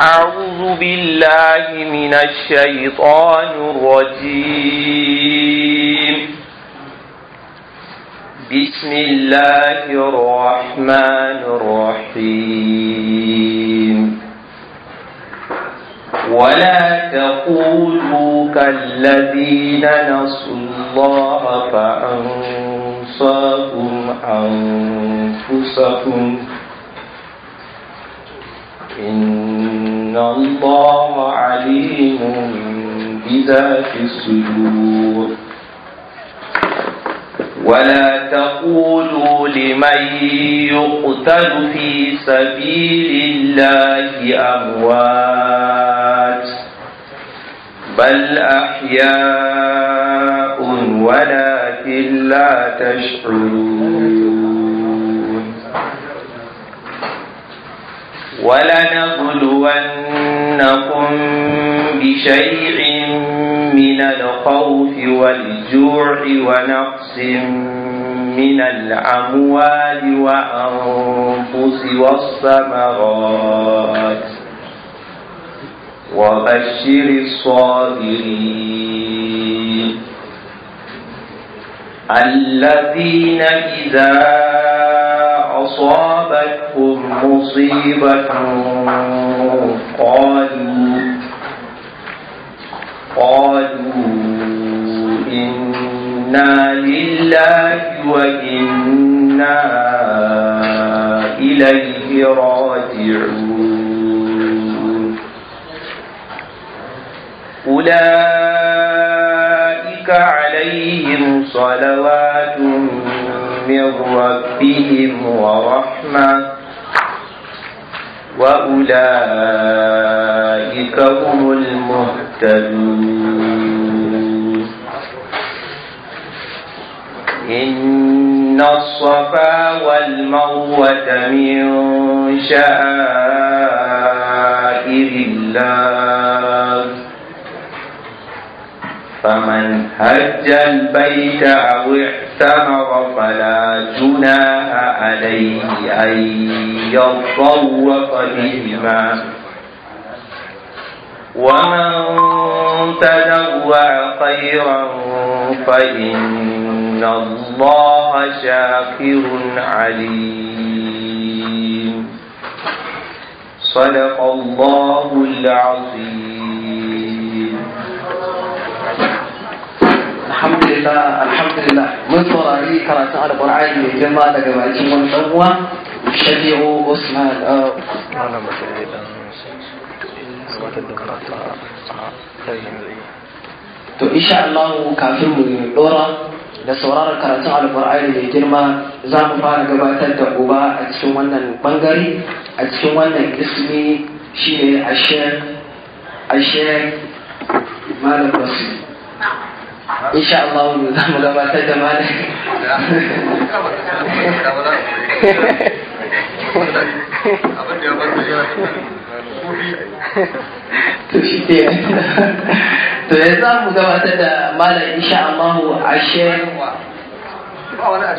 أعوذ بالله من الشيطان الرجيم بسم الله الرحمن الرحيم ولا تقولوا كالذين نسوا الله فأنصاكم أنفسكم إن الله عليم بذات الصدور ولا تقولوا لمن يقتل في سبيل الله أموات بل أحياء ولكن لا تشعرون ولنبلونكم بشيء من الخوف والجوع ونقص من الأموال وأنفس والثمرات وبشر الصابرين الذين إذا أصابتهم مصيبة قالوا قالوا إنا لله وإنا إليه راجعون أولئك عليهم صلوات من ربهم ورحمة وأولئك هم المهتدون إن الصفا والمروة من شعائر الله فمن هج البيت أو ثمر فلا جناح عليه أن يطوف بهما ومن تدوع خيرا فإن الله شاكر عليم صدق الله العظيم الحمد لله alhamdulillah mun saurari karatun alƙur'ani mai girma daga bakin wani ɗan uwa usman uh, to insha Allah kafin mu dora da sauraron karatun alkur'ani mai girma za mu fara gabatar da uba a cikin wannan bangare a cikin wannan ismi shine ashe ashe malam basu insha Allah mu za mu gabatar da malam to shi to za mu gabatar da malam insha Allah a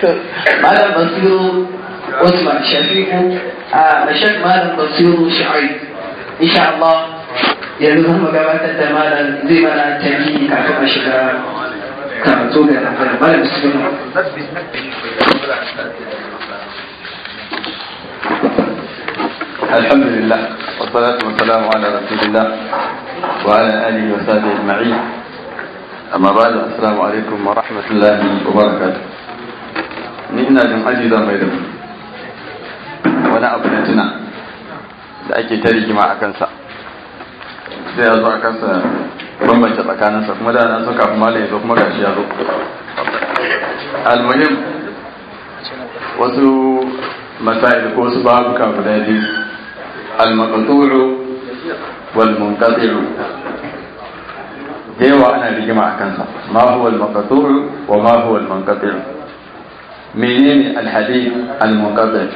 to malam basiru Shafiku a Malam Basiru Shu'aib insha Allah yanzu mu gabatar da malam zai mana tabi kafin a shiga ka zo ga nan malam sun الحمد لله والصلاة والسلام على رسول الله وعلى آله وصحبه أجمعين أما بعد السلام عليكم ورحمة الله وبركاته نحن لم أجد بيدنا ونا أبنتنا لأجي تري جماعة كنسا sai ya zo a kansa bambance tsakaninsa kuma da an so kuma malam ya zo kuma ga shi ya zo almuhim wasu masail ko wasu babu ka guda biyu almaqtulu wal munqati'u yawa ana rigima a kansa ma huwa al wa ma huwa al menene alhadith hadith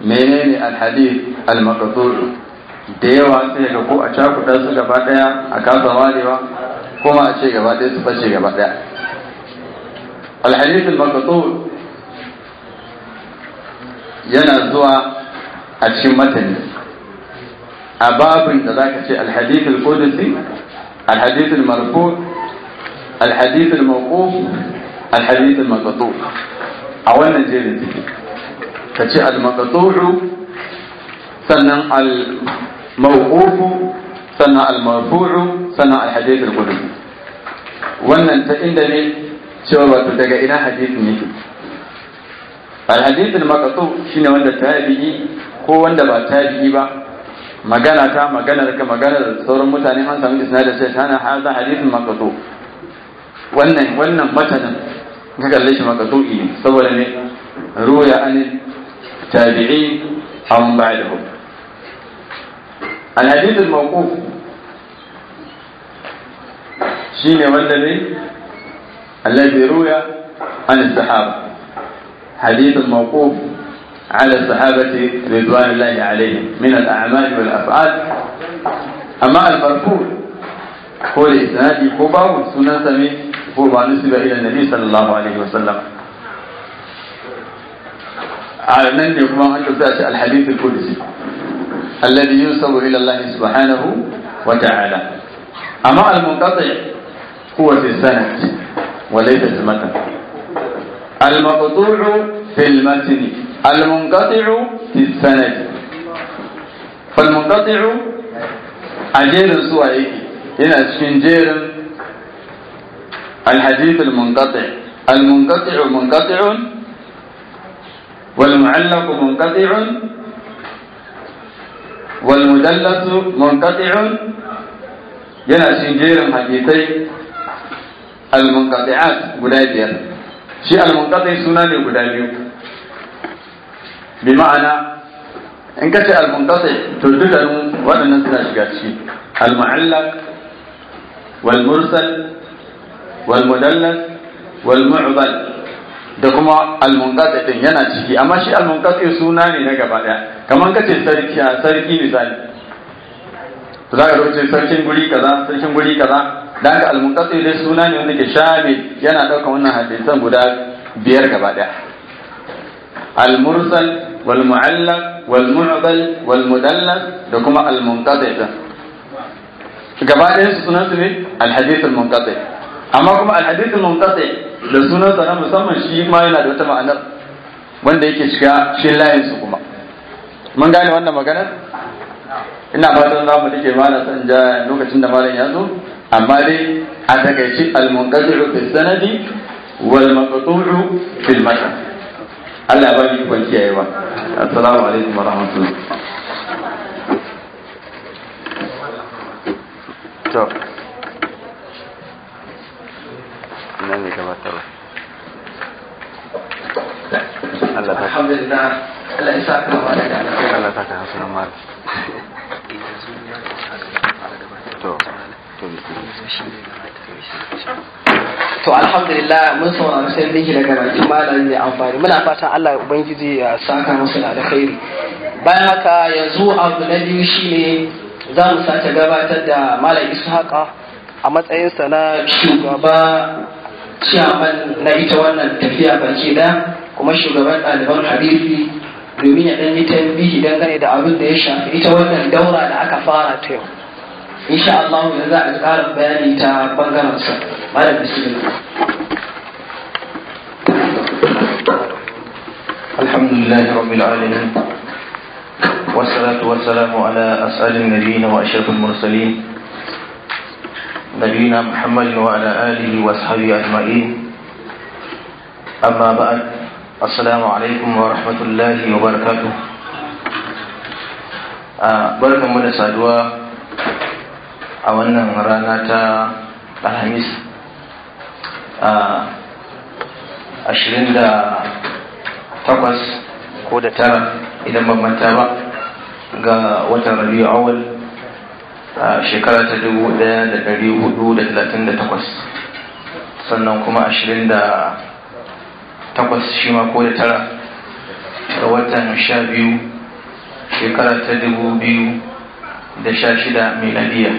menene alhadith hadith da yawa sai ga ko a cakuɗa su gaba ɗaya a kasa warewa kuma a ce gaba ɗaya su fashe gaba ɗaya alhadithul maqtu yana zuwa a cikin matani a babin da zaka ce alhadithul qudsi alhadithul marfu alhadithul mawquf alhadithul maqtu a wannan jerin ka ce al-maqtu sannan al-mawqufu sannan al-marfu'u sannan al-hadith al-qudsi wannan ta inda ne cewa wato daga ina hadisin yake al-hadith al-maqtu shine wanda tabi'i ko wanda ba tabi'i ba magana ta maganar ka maganar sauran mutane an samu isnadin sai sana hadha hadithun maqtu wannan wannan matanin ka kalle shi maqtu'i saboda ne ruya an tabi'i an ba'dahu الحديث الموقوف شيني والذي الذي روي عن الصحابة حديث الموقوف على الصحابة رضوان الله عليهم من الأعمال والأفعال أما المرفوع هو الإسناد كوبا والسنة سمي كوبا نسب إلى النبي صلى الله عليه وسلم على من يكون الحديث القدسي الذي ينسب إلى الله سبحانه وتعالى أما المنقطع هو في السند وليس في المتن المقطوع في المتن المنقطع في السند فالمنقطع أجير سوائك هنا شنجير الحديث المنقطع المنقطع منقطع والمعلق منقطع wal mudallatu munqati'un yana cikin jerin hadisai al munqati'at guda biyar shi al munqati suna ne guda biyu bi ma'ana in ka ce al munqati to dukkan waɗannan suna shiga ciki al mu'allaq wal mursal wal mudallas wal mu'dal da kuma almunkat din yana ciki amma shi almunqati suna ne na gaba daya kaman kace sarki sarki misali to zaka ka rubuce sarkin guri kaza sarkin guri kaza dan ga almunqati dai suna ne wanda ke shamil yana dauka wannan hadisan guda biyar gaba daya almursal wal muallaq wal mu'dal wal mudallas da kuma almunqati gaba ɗayan su sunan su ne alhadith almunqati amma kuma alhadith almunqati da sunansa na musamman shi ma yana da wata ma'anar wanda yake shiga cikin su kuma mun gane wannan maganar ina fatan za mu ma na san ja lokacin da malam ya zo amma dai a takaici al-munqadiru fi sanadi wal maqtu'u al matan Allah ba ni kwanci ba assalamu alaikum wa rahmatullah to bai ga matsala. Allah ta alhamdulillah Allah ta ka hasana ma to to alhamdulillah mun sauna sai da dai daga bakin malami mai amfani muna fatan Allah ubangiji ya saka musu da alkhairi bayan haka yanzu abu na biyu shine za mu sace gabatar da malam ishaqa a matsayinsa na shugaba ciyaman na ita wannan tafiya baki da kuma shugaban ɗaliban hadisi domin ya ɗan yi tambihi dangane da abin da ya shafi ita wannan daura da aka fara ta yau insha Allah yanzu a ƙara bayani ta bangaren sa malam bismillah alhamdulillah rabbil alamin والصلاة والسلام على أسأل النبيين وأشرف المرسلين نبينا محمد وعلى آله وأصحابه أجمعين أما بعد السلام عليكم ورحمة الله وبركاته barkan mu da saduwa a wannan rana ta alhamis ashirin da takwas ko da tara idan ban manta ba ga watan rabi'u awal a shekara ta dubu ɗaya da ɗari hudu da talatin da takwas sannan kuma ashirin da takwas shi ma ko da tara da watan sha biyu shekara ta dubu biyu da sha shida miladiya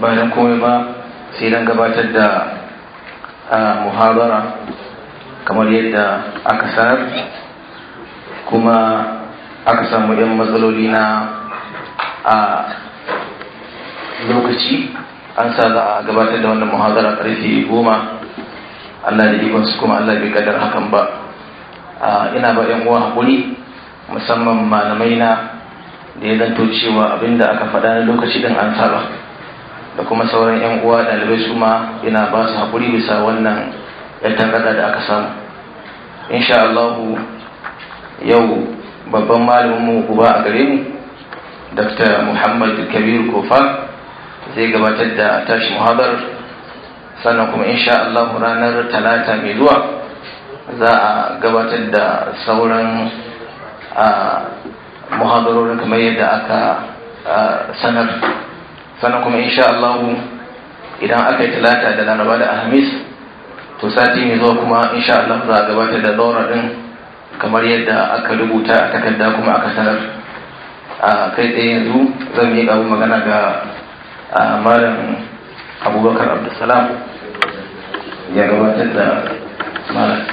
bayan kome komai ba sai don gabatar da muhabara kamar yadda aka sanar kuma aka samu 'yan matsaloli na a lokaci an sa za a gabatar da wannan muhazara karfe goma Allah da ikon su kuma Allah bai kadar hakan ba ina ba yan uwa hakuri musamman malamai na da ya zanto cewa abinda aka faɗa na lokaci din an saba da kuma sauran yan uwa ɗalibai su ma ina ba su hakuri bisa wannan yan tangada da aka samu insha Allah yau babban malamin mu uba a gare mu Dr. Muhammad Kabir Kofa zai gabatar da tashi muhadar sannan kuma insha Allah ranar talata mai zuwa za a gabatar da sauran muhadarorin kamar yadda aka sanar sannan kuma insha Allah idan aka yi talata da laraba da alhamis to sati mai zuwa kuma insha Allah za a gabatar da zaura din kamar yadda aka rubuta a takarda kuma aka sanar kaita yanzu zan yi abu magana ga malam abubakar abdulsalam ya gabatar da malam